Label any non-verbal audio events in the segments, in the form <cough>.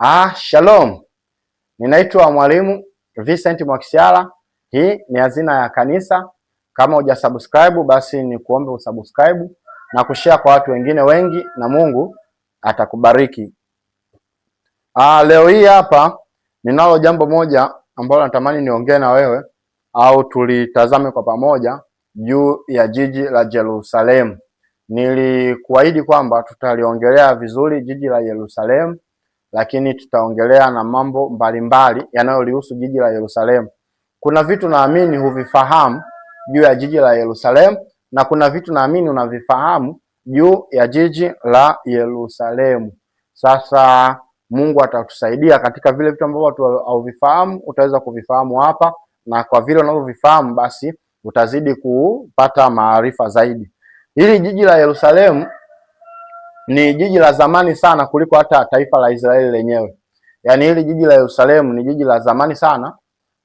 Ah, shalom. Ninaitwa Mwalimu Vincent Mwakisyala. Hii ni Hazina ya Kanisa. Kama hujasubscribe basi ni kuombe usubscribe na kushare kwa watu wengine wengi na Mungu atakubariki. Ah, leo hii hapa ninalo jambo moja ambalo natamani niongee na wewe au tulitazame kwa pamoja juu ya jiji la Yerusalemu. Nilikuahidi kwamba tutaliongelea vizuri jiji la Yerusalemu lakini tutaongelea na mambo mbalimbali yanayolihusu jiji la Yerusalemu. Kuna vitu naamini huvifahamu juu ya jiji la Yerusalemu na kuna vitu naamini unavifahamu juu ya jiji la Yerusalemu. Sasa Mungu atatusaidia katika vile vitu ambavyo watu hauvifahamu, utaweza kuvifahamu hapa, na kwa vile unavyovifahamu basi utazidi kupata maarifa zaidi. Hili jiji la Yerusalemu ni jiji la zamani sana kuliko hata taifa la Israeli lenyewe. Yaani hili jiji la Yerusalemu ni jiji la zamani sana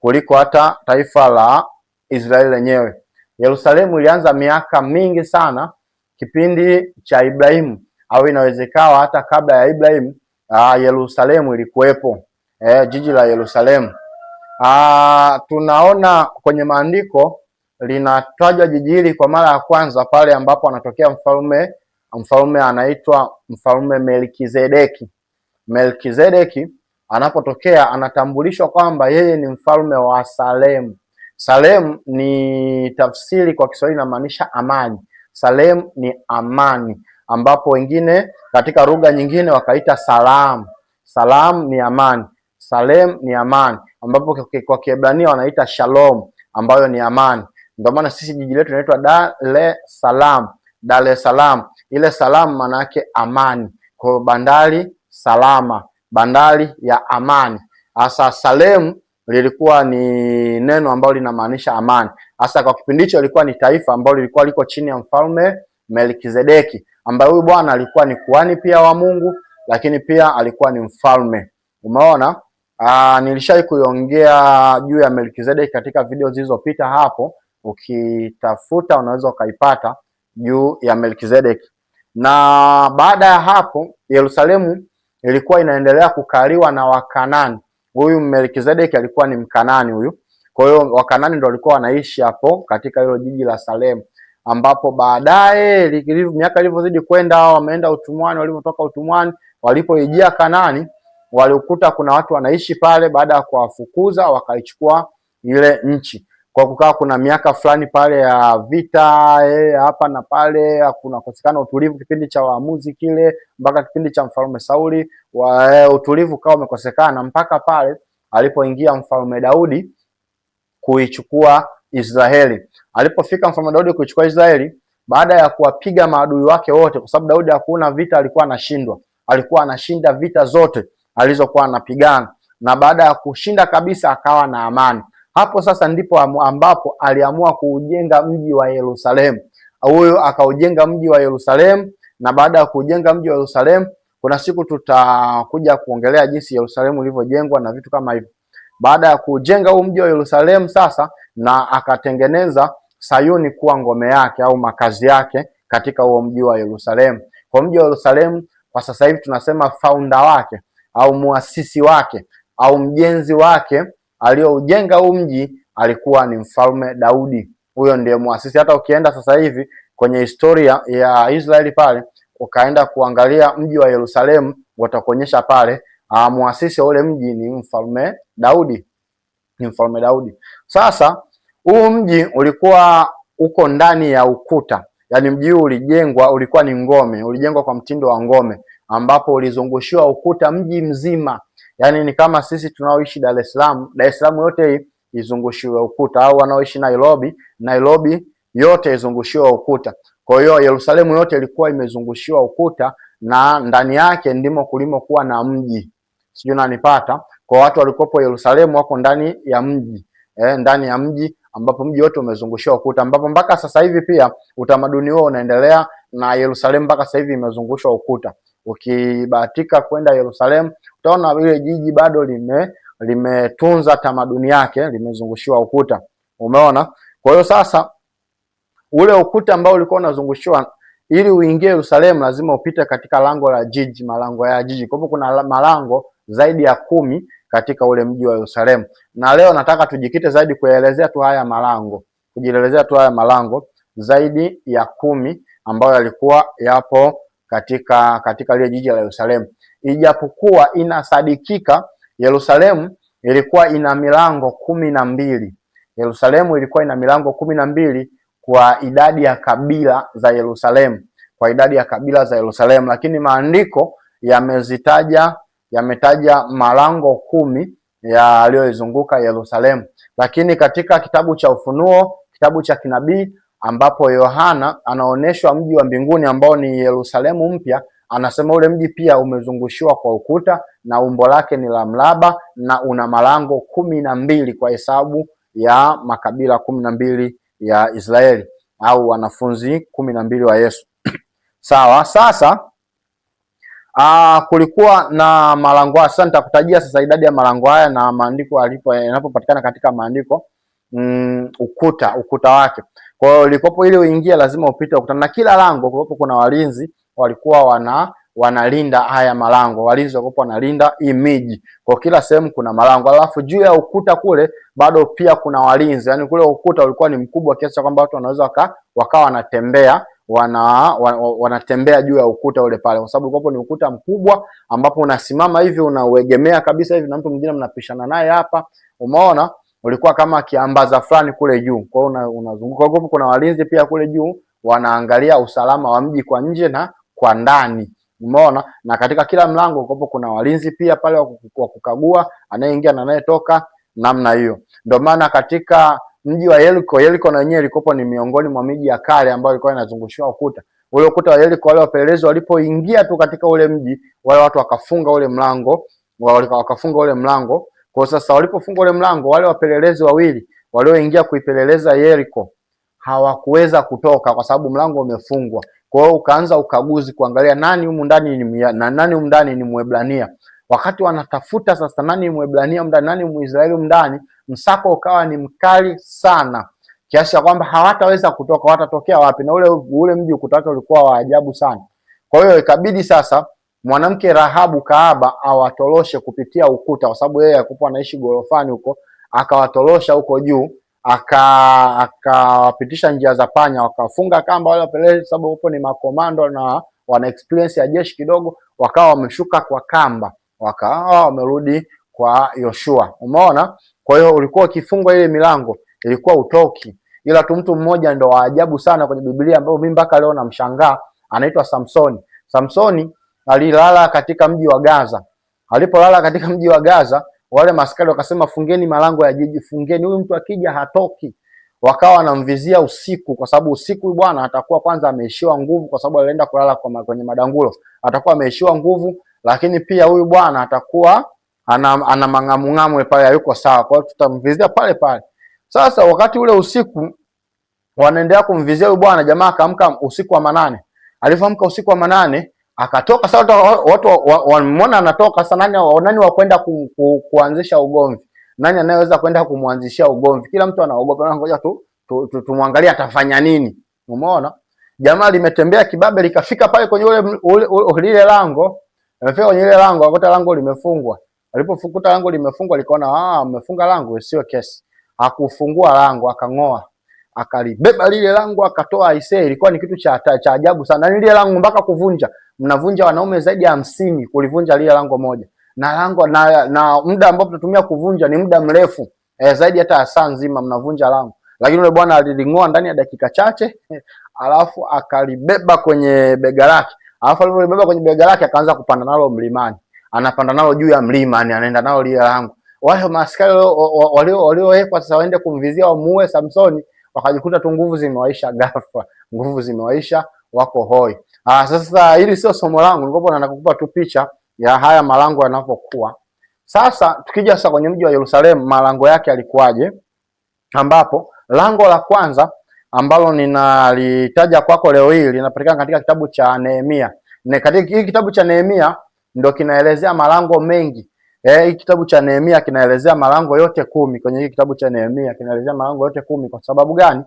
kuliko hata taifa la Israeli lenyewe. Yerusalemu ilianza miaka mingi sana kipindi cha Ibrahimu au inawezekana hata kabla ya Ibrahimu. Ah, Yerusalemu ilikuwepo, eh, jiji la Yerusalemu. Ah, tunaona kwenye maandiko linatajwa jiji hili kwa mara ya kwanza pale ambapo anatokea mfalme mfalme anaitwa mfalme Melkizedeki. Melkizedeki anapotokea anatambulishwa kwamba yeye ni mfalme wa salem salem ni tafsiri kwa Kiswahili inamaanisha amani. salem ni amani, ambapo wengine katika lugha nyingine wakaita salam. Salam ni amani, Salem ni amani, ambapo kwa Kiebrania wanaita shalom, ambayo ni amani. Ndio maana sisi jiji letu linaitwa Dar es Salaam. Dar es Salaam ile salamu maana yake amani. Kwa hiyo bandari salama, bandari ya amani. Hasa Salemu lilikuwa ni neno ambalo linamaanisha amani, hasa kwa kipindi hicho ilikuwa ni taifa ambalo lilikuwa liko chini ya mfalme Melkizedeki, ambaye huyu bwana alikuwa ni kuhani pia wa Mungu, lakini pia alikuwa ni mfalme. Umeona? Ah, nilishai kuiongea juu ya Melkizedeki katika video zilizopita hapo, ukitafuta unaweza ukaipata juu ya Melkizedeki na baada ya hapo Yerusalemu ilikuwa inaendelea kukaliwa na Wakanani. Huyu Melkizedeki alikuwa ni Mkanani huyu, kwa hiyo Wakanani ndio walikuwa wanaishi hapo katika hilo jiji la Salemu, ambapo baadaye miaka ilivyozidi kwenda wameenda utumwani. Walivyotoka utumwani, walipoijia Kanani walikuta kuna watu wanaishi pale. Baada ya kuwafukuza, wakaichukua ile nchi kwa kukaa kuna miaka fulani pale ya vita hapa eh, hapa na pale, kunakosekana utulivu kipindi cha waamuzi kile mpaka kipindi cha mfalme Sauli wa, e, utulivu ukawa umekosekana mpaka pale alipoingia mfalme Daudi kuichukua Israeli. Alipofika mfalme Daudi kuichukua Israeli, baada ya kuwapiga maadui wake wote, kwa sababu Daudi hakuna vita, alikuwa anashindwa, alikuwa anashinda vita zote alizokuwa anapigana, na baada ya kushinda kabisa akawa na amani. Hapo sasa ndipo ambapo aliamua kuujenga mji wa Yerusalemu. Huyo akaujenga mji wa Yerusalemu, na baada ya kuujenga mji wa Yerusalemu, kuna siku tutakuja kuongelea jinsi Yerusalemu ilivyojengwa na vitu kama hivyo. Baada ya kujenga huu mji wa Yerusalemu sasa, na akatengeneza Sayuni kuwa ngome yake au makazi yake katika huo mji wa Yerusalemu. Kwa mji wa Yerusalemu kwa sasa hivi tunasema founder wake au muasisi wake au mjenzi wake aliyoujenga huu mji alikuwa ni mfalme Daudi. Huyo ndiye muasisi. Hata ukienda sasa hivi kwenye historia ya Israeli pale ukaenda kuangalia mji wa Yerusalemu, watakuonyesha pale ah, muasisi wa ule mji ni mfalme Daudi, ni mfalme Daudi. Sasa huu mji ulikuwa uko ndani ya ukuta, yaani mji huu ulijengwa, ulikuwa ni ngome, ulijengwa kwa mtindo wa ngome, ambapo ulizungushiwa ukuta mji mzima Yaani ni kama sisi tunaoishi Dar es Salaam, Dar es Salaam yote hii izungushiwe ukuta, au wanaoishi Nairobi, Nairobi yote izungushiwe ukuta. Kwa hiyo Yerusalemu yote ilikuwa imezungushiwa ukuta na ndani yake ndimo kuwa na mji, sijui nanipata. Kwa watu walikopo Yerusalemu wako ndani ya mji eh, ndani ya mji ambapo mji wote umezungushiwa ukuta, ambapo mpaka sasa hivi pia utamaduni huo unaendelea na Yerusalemu mpaka sasa hivi imezungushwa ukuta. Ukibahatika kwenda Yerusalemu, utaona ile jiji bado lime limetunza tamaduni yake, limezungushiwa ukuta. Umeona? Kwa hiyo sasa ule ukuta ambao ulikuwa unazungushiwa ili uingie Yerusalemu lazima upite katika lango la jiji, malango ya jiji. Kwa hivyo kuna malango zaidi ya kumi katika ule mji wa Yerusalemu, na leo nataka tujikite zaidi kuelezea tu haya malango, kujielezea tu haya malango zaidi ya kumi ambayo yalikuwa yapo katika katika lile jiji la Yerusalemu, ijapokuwa inasadikika Yerusalemu ilikuwa ina milango kumi na mbili. Yerusalemu ilikuwa ina milango kumi na mbili kwa idadi ya kabila za Yerusalemu, kwa idadi ya kabila za Yerusalemu, lakini maandiko yamezitaja yametaja malango kumi yaliyoizunguka Yerusalemu, lakini katika kitabu cha Ufunuo, kitabu cha kinabii ambapo Yohana anaonyeshwa mji wa mbinguni ambao ni Yerusalemu mpya. Anasema ule mji pia umezungushiwa kwa ukuta na umbo lake ni la mraba na una malango kumi na mbili kwa hesabu ya makabila kumi na mbili ya Israeli au wanafunzi kumi na mbili wa Yesu. <clears throat> Sawa, sasa aa, ah, kulikuwa na malango haya. Sasa nitakutajia sasa idadi ya malango haya na maandiko yanapopatikana katika maandiko mm, ukuta ukuta wake kwa hiyo ulikopo ile uingia lazima upite ukutana na kila lango, kulikuwa kuna walinzi walikuwa wana wanalinda haya malango, walinzi walikuwa wanalinda hii miji. Kwa kila sehemu kuna malango, alafu juu ya ukuta kule bado pia kuna walinzi. Yani kule ukuta ulikuwa ni mkubwa kiasi kwamba watu wanaweza waka, wakawa wanatembea wana wanatembea juu ya ukuta ule pale, kwa sababu ulikuwapo ni ukuta mkubwa ambapo unasimama hivi unauegemea kabisa hivi, na mtu mwingine mnapishana naye hapa, umeona ulikuwa kama kiambaza fulani kule juu. Kwa hiyo unazunguka huko, kuna walinzi pia kule juu wanaangalia usalama wa mji kwa nje na kwa ndani. Umeona? Na katika kila mlango kupo kuna walinzi pia pale wa kukagua anayeingia na anayetoka namna hiyo. Ndio maana katika mji wa Yeriko, Yeriko na yenyewe ilikopo ni miongoni mwa miji ya kale ambayo ilikuwa inazungushiwa ukuta. Ule ukuta wa Yeriko, wale wapelelezi walipoingia tu katika ule mji, wale watu wakafunga ule mlango, wakafunga ule mlango kwa sasa walipofungwa ule mlango, wale wapelelezi wawili walioingia kuipeleleza Yeriko hawakuweza kutoka kwa sababu mlango umefungwa. Kwa hiyo ukaanza ukaguzi kuangalia nani humu ndani ni mia, na nani humu ndani ni Mwebrania. Wakati wanatafuta sasa nani Mwebrania mndani nani Mwisraeli mndani, msako ukawa ni mkali sana kiasi cha kwamba hawataweza kutoka, watatokea wapi? Na ule ule mji ukutaka ulikuwa wa ajabu sana. Kwa hiyo ikabidi sasa mwanamke Rahabu Kaaba awatoroshe kupitia ukuta, kwa sababu yeye alikuwa anaishi gorofani huko, akawatorosha huko juu, akawapitisha aka njia za panya, wakafunga kamba wale wapelelezi, sababu huko ni makomando na wana experience ya jeshi kidogo, wakawa wameshuka kwa kamba, wakawa wamerudi kwa Yoshua. Umeona? Kwa hiyo ulikuwa ukifungwa ile milango ilikuwa utoki, ila tu mtu mmoja ndo wa ajabu sana kwenye Biblia, ambayo mimi mpaka leo namshangaa, anaitwa Samsoni. Samsoni alilala katika mji wa Gaza. Alipolala katika mji wa Gaza, wale maskari wakasema, fungeni malango ya jiji, fungeni, huyu mtu akija hatoki. Wakawa wanamvizia usiku, kwa sababu usiku bwana atakuwa kwanza ameishiwa nguvu, kwa sababu alienda kulala kwa kwenye madangulo, atakuwa ameishiwa nguvu, lakini pia huyu bwana atakuwa ana, ana mang'amu pale, hayuko sawa. Kwa hiyo tutamvizia pale pale. Sasa wakati ule usiku wanaendelea kumvizia huyu bwana, jamaa akaamka usiku wa manane. Alipoamka usiku wa manane akatoka sasa, watu wamemwona anatoka sasa, nani nani wa kwenda ku, ku, kuanzisha ugomvi? Nani anayeweza kwenda kumwanzishia ugomvi? Kila mtu anaogopa, na ah, ngoja tu tumwangalie tu, tu, tu, atafanya nini? Umeona jamaa limetembea kibabe likafika pale kwenye ule lile lango, amefika kwenye ile lango akakuta lango limefungwa. Alipofukuta lango limefungwa, likaona ah, amefunga lango sio kesi. Hakufungua lango, akang'oa akalibeba lile langu akatoa aisee. Ilikuwa ni kitu cha, cha ajabu sana, na lile langu mpaka kuvunja, mnavunja wanaume zaidi ya hamsini kulivunja lile lango moja, na lango na, na muda ambao tunatumia kuvunja ni muda mrefu eh, zaidi hata ya saa nzima mnavunja lango, lakini yule bwana aliling'oa ndani ya dakika chache <laughs> alafu akalibeba kwenye bega lake, alafu alipobeba kwenye bega lake akaanza kupanda nalo mlimani, anapanda nalo juu ya mlima, ni anaenda nalo lile lango. Wale maaskari waliowekwa sasa waende kumvizia wamuue Samsoni wakajikuta tu nguvu zimewaisha ghafla, nguvu zimewaisha, wako hoi. Ah, sasa hili sio somo langu, nilikuwa na nakukupa tu picha ya haya malango yanapokuwa. Sasa tukija sasa kwenye mji wa Yerusalemu, malango yake yalikuwaje? Ambapo lango la kwanza ambalo ninalitaja kwako leo hii linapatikana katika kitabu cha Nehemia. Ne, katika hii kitabu cha Nehemia ndio kinaelezea malango mengi Eh, hii kitabu cha Nehemia kinaelezea malango yote kumi. Kwenye hii kitabu cha Nehemia kinaelezea malango yote kumi. Kwa sababu gani?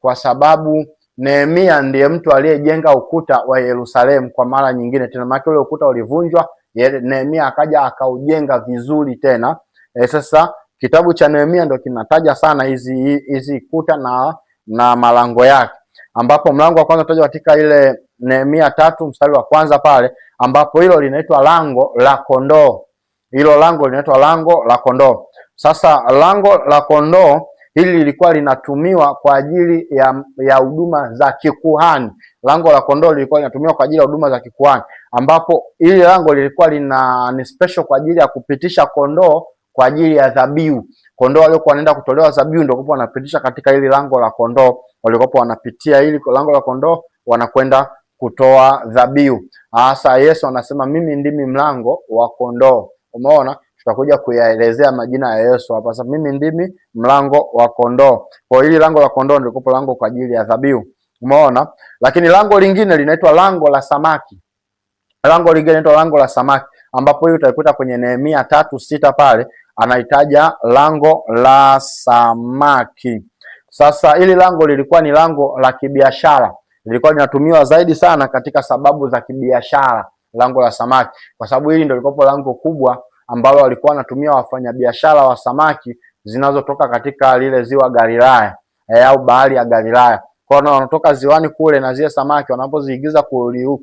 Kwa sababu Nehemia ndiye mtu aliyejenga ukuta wa Yerusalemu kwa mara nyingine tena, maana ule ukuta ulivunjwa, Nehemia akaja akaujenga vizuri tena. E, sasa kitabu cha Nehemia ndio kinataja sana hizi hizi kuta na na malango yake, ambapo mlango wa kwanza utajwa katika ile Nehemia tatu mstari wa kwanza pale, ambapo hilo linaitwa lango la kondoo hilo lango linaitwa lango la kondoo. Sasa lango la kondoo hili lilikuwa linatumiwa kwa ajili ya ya huduma za kikuhani. Lango la kondoo lilikuwa linatumiwa kwa ajili ya huduma za kikuhani, ambapo hili lango lilikuwa lina ni special kwa ajili ya kupitisha kondoo kwa ajili ya dhabihu. Kondoo waliokuwa wanaenda kutolewa dhabihu ndio kwa wanapitisha katika hili lango la kondoo, walikuwa wanapitia hili lango la kondoo wanakwenda kutoa dhabihu. Hasa Yesu anasema mimi ndimi mlango wa kondoo Umeona, tutakuja kuyaelezea majina ya Yesu hapa. Sasa mimi ndimi mlango wa kondoo. Kwa hili lango la kondoo ndilikopo lango kwa ajili ya dhabihu. Umeona, lakini lango lingine linaitwa lango la samaki. Lango lingine linaitwa lango la samaki, ambapo hiyo utaikuta kwenye Nehemia tatu sita pale anahitaja lango la samaki. Sasa hili lango lilikuwa ni lango la kibiashara, lilikuwa linatumiwa zaidi sana katika sababu za kibiashara lango la samaki, kwa sababu hili ndio lilikuwa lango kubwa ambalo walikuwa wanatumia wafanyabiashara wa samaki zinazotoka katika lile ziwa Galilaya e, au bahari ya Galilaya. Kwa hiyo wanatoka ziwani kule na zile samaki wanapoziingiza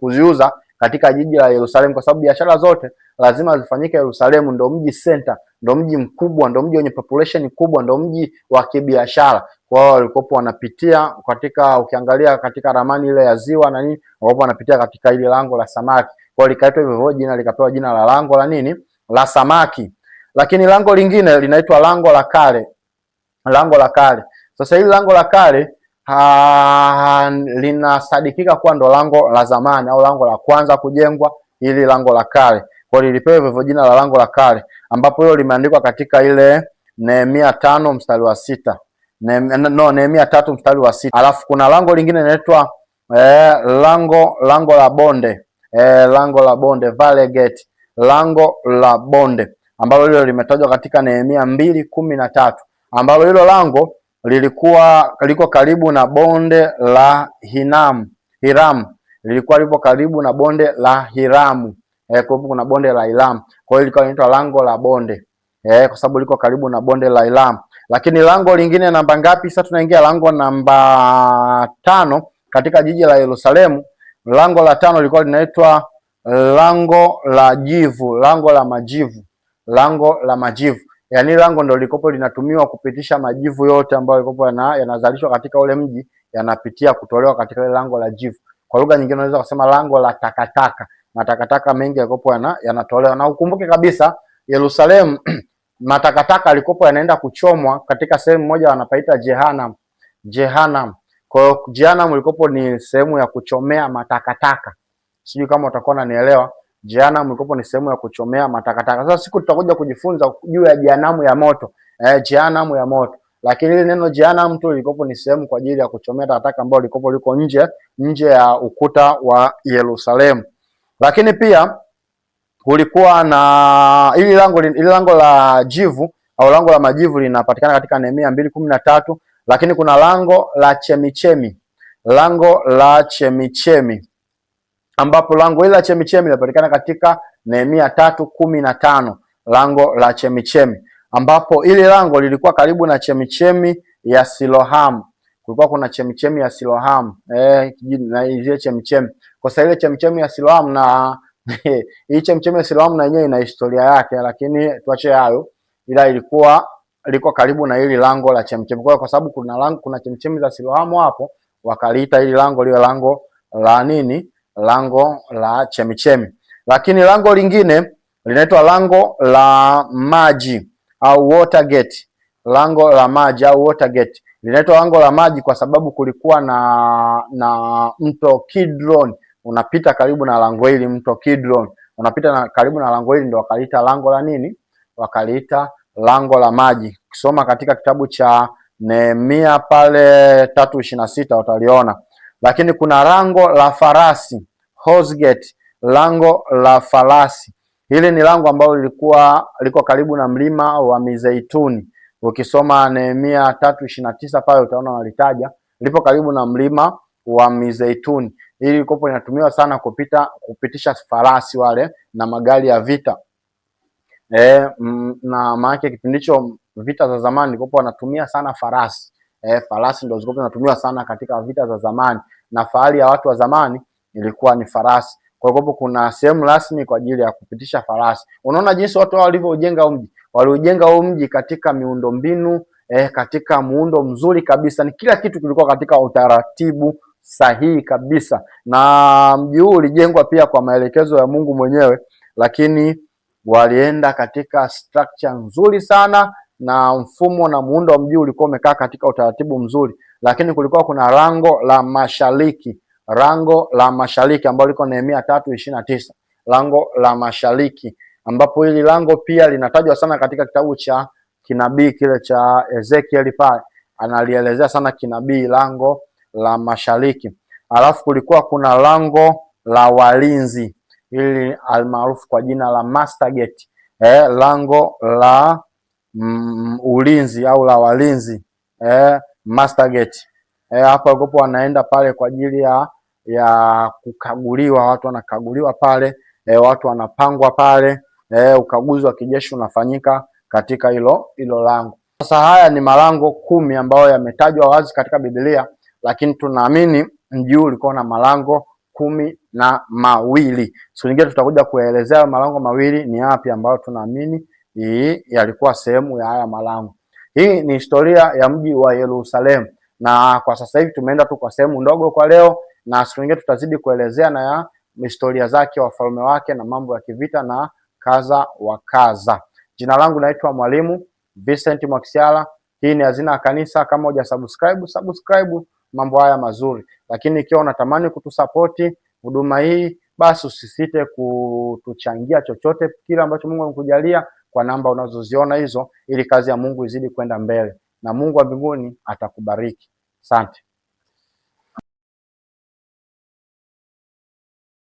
kuziuza katika jiji la Yerusalemu, kwa sababu biashara zote lazima zifanyike Yerusalemu. Ndio mji center, ndio mji mkubwa, ndio mji wenye population kubwa, ndio mji wa kibiashara. Kwa hiyo walikopo wanapitia katika, ukiangalia katika ramani ile ya ziwa na nini, wanapitia katika ile lango la samaki. Kwa likaitwa hivyo hivyo jina likapewa jina la lango la nini? La samaki. Lakini lango lingine linaitwa lango la kale. Lango la kale. Sasa hili lango la kale linasadikika kuwa ndo lango la zamani au lango la kwanza kujengwa, ili lango la kale. Kwa lilipewa hivyo jina la lango la kale, ambapo hilo limeandikwa katika ile Nehemia tano mstari wa sita. Ne, no Nehemia tatu mstari wa sita. Alafu kuna lango lingine linaitwa eh, lango lango la bonde eh, lango la bonde vale gate, lango la bonde ambalo hilo limetajwa katika Nehemia mbili kumi na tatu ambalo hilo lango lilikuwa liko karibu na bonde la Hinam, Hiram lilikuwa lipo karibu na bonde la Hiramu eh, kuna bonde la Hiram, kwa hiyo ilikuwa inaitwa lango la bonde eh, kwa sababu liko karibu na bonde la Hiram. Lakini lango lingine namba ngapi? Sasa tunaingia lango namba tano katika jiji la Yerusalemu Lango la tano lilikuwa linaitwa eh, lango la jivu, lango la majivu, lango la majivu. Yaani lango ndio likopo linatumiwa kupitisha majivu yote ambayo yalikopo yanazalishwa katika ule mji yanapitia kutolewa katika ile lango la jivu. Kwa lugha nyingine unaweza kusema lango la takataka. Matakataka mengi yalikopo yana, yanatolewa. Na ukumbuke kabisa Yerusalemu <clears throat> matakataka yalikopo yanaenda kuchomwa katika sehemu moja wanapaita Jehanam. Jehanam. Kwa hiyo Jehanamu ilikopo ni sehemu ya kuchomea matakataka. Sijui kama utakuwa unanielewa. Jehanamu ilikopo ni sehemu ya kuchomea matakataka. Sasa siku tutakuja kujifunza juu ya Jehanamu ya moto. Eh, Jehanamu ya moto. Lakini ile neno Jehanamu tu ilikopo ni sehemu kwa ajili ya kuchomea takataka ambayo ilikopo liko nje nje ya ukuta wa Yerusalemu. Lakini pia kulikuwa na ili lango ili lango la jivu au lango la majivu linapatikana katika Nehemia mbili kumi na tatu lakini kuna lango la chemichemi, lango la chemichemi, ambapo lango hili la chemichemi linapatikana katika Nehemia tatu kumi na tano, lango la chemichemi, ambapo ili lango lilikuwa karibu na chemichemi ya Siloham. kulikuwa kuna chemichemi ya Siloham eh, na ile chemichemi kwa sababu ile chemichemi ya Siloham na <laughs> hii chemichemi ya Siloham na yenyewe ina historia yake, lakini tuache hayo, ila ilikuwa liko karibu na hili lango la chemchemi. Kwa kwa sababu kuna lango, kuna chemchemi za Siloamu hapo, wakaliita hili lango liwe lango la nini? Lango la chemchemi. Lakini lango lingine linaitwa lango la maji au water gate. Lango la maji au water gate linaitwa lango la maji kwa sababu kulikuwa na na mto Kidron unapita karibu na lango hili. Mto Kidron unapita na karibu na lango hili, ndio wakaliita lango la nini? Wakaliita lango la maji. Ukisoma katika kitabu cha Nehemia pale tatu ishirini na sita utaliona. Lakini kuna lango la farasi gate, lango la farasi. Hili ni lango ambalo lilikuwa liko karibu na mlima wa Mizeituni. Ukisoma Nehemia tatu ishirini na tisa pale utaona walitaja lipo karibu na mlima wa Mizeituni. Hili likopo linatumiwa sana kupita kupitisha farasi wale na magari ya vita eh, na maana kipindi hicho vita za zamani ilikuwa wanatumia sana farasi eh, farasi ndio zilikuwa zinatumiwa sana katika vita za zamani, na fahari ya watu wa zamani ilikuwa ni farasi. Kwa hivyo kuna sehemu rasmi kwa ajili ya kupitisha farasi. Unaona jinsi watu hao walivyojenga mji, huo mji katika miundombinu eh, katika muundo mzuri kabisa, ni kila kitu kilikuwa katika utaratibu sahihi kabisa, na mji huu ulijengwa pia kwa maelekezo ya Mungu mwenyewe, lakini walienda katika structure nzuri sana na mfumo na muundo wa mji ulikuwa umekaa katika utaratibu mzuri, lakini kulikuwa kuna lango la mashariki, lango la mashariki ambalo liko Nehemia tatu ishirini na tisa, lango la mashariki, ambapo hili lango pia linatajwa sana katika kitabu cha kinabii kile cha Ezekiel, pale analielezea sana kinabii lango la mashariki. Alafu kulikuwa kuna lango la walinzi hili almaarufu kwa jina la master gate eh, lango la mm, ulinzi au la walinzi eh, master gate eh, hapo walikuwa wanaenda pale kwa ajili ya ya kukaguliwa, watu wanakaguliwa pale eh, watu wanapangwa pale eh, ukaguzi wa kijeshi unafanyika katika hilo hilo lango. Sasa haya ni malango kumi ambayo yametajwa wazi katika Biblia, lakini tunaamini mji huu ulikuwa na malango kumi na mawili. Siku nyingine tutakuja kuelezea malango mawili ni yapi ambayo tunaamini yalikuwa sehemu ya haya malango. Hii ni historia ya mji wa Yerusalemu, na kwa sasa hivi tumeenda tu kwa sehemu ndogo kwa leo, na siku nyingine tutazidi kuelezea na ya historia zake, wafalme wake, na mambo ya kivita na kaza wa kaza. Jina langu naitwa Mwalimu Vincent Mwakisyala. Hii ni Hazina ya Kanisa. Kama hujasubscribe, subscribe mambo haya mazuri, lakini ikiwa unatamani kutusapoti huduma hii, basi usisite kutuchangia chochote kile ambacho Mungu amekujalia kwa namba unazoziona hizo, ili kazi ya Mungu izidi kwenda mbele na Mungu wa mbinguni atakubariki. Asante.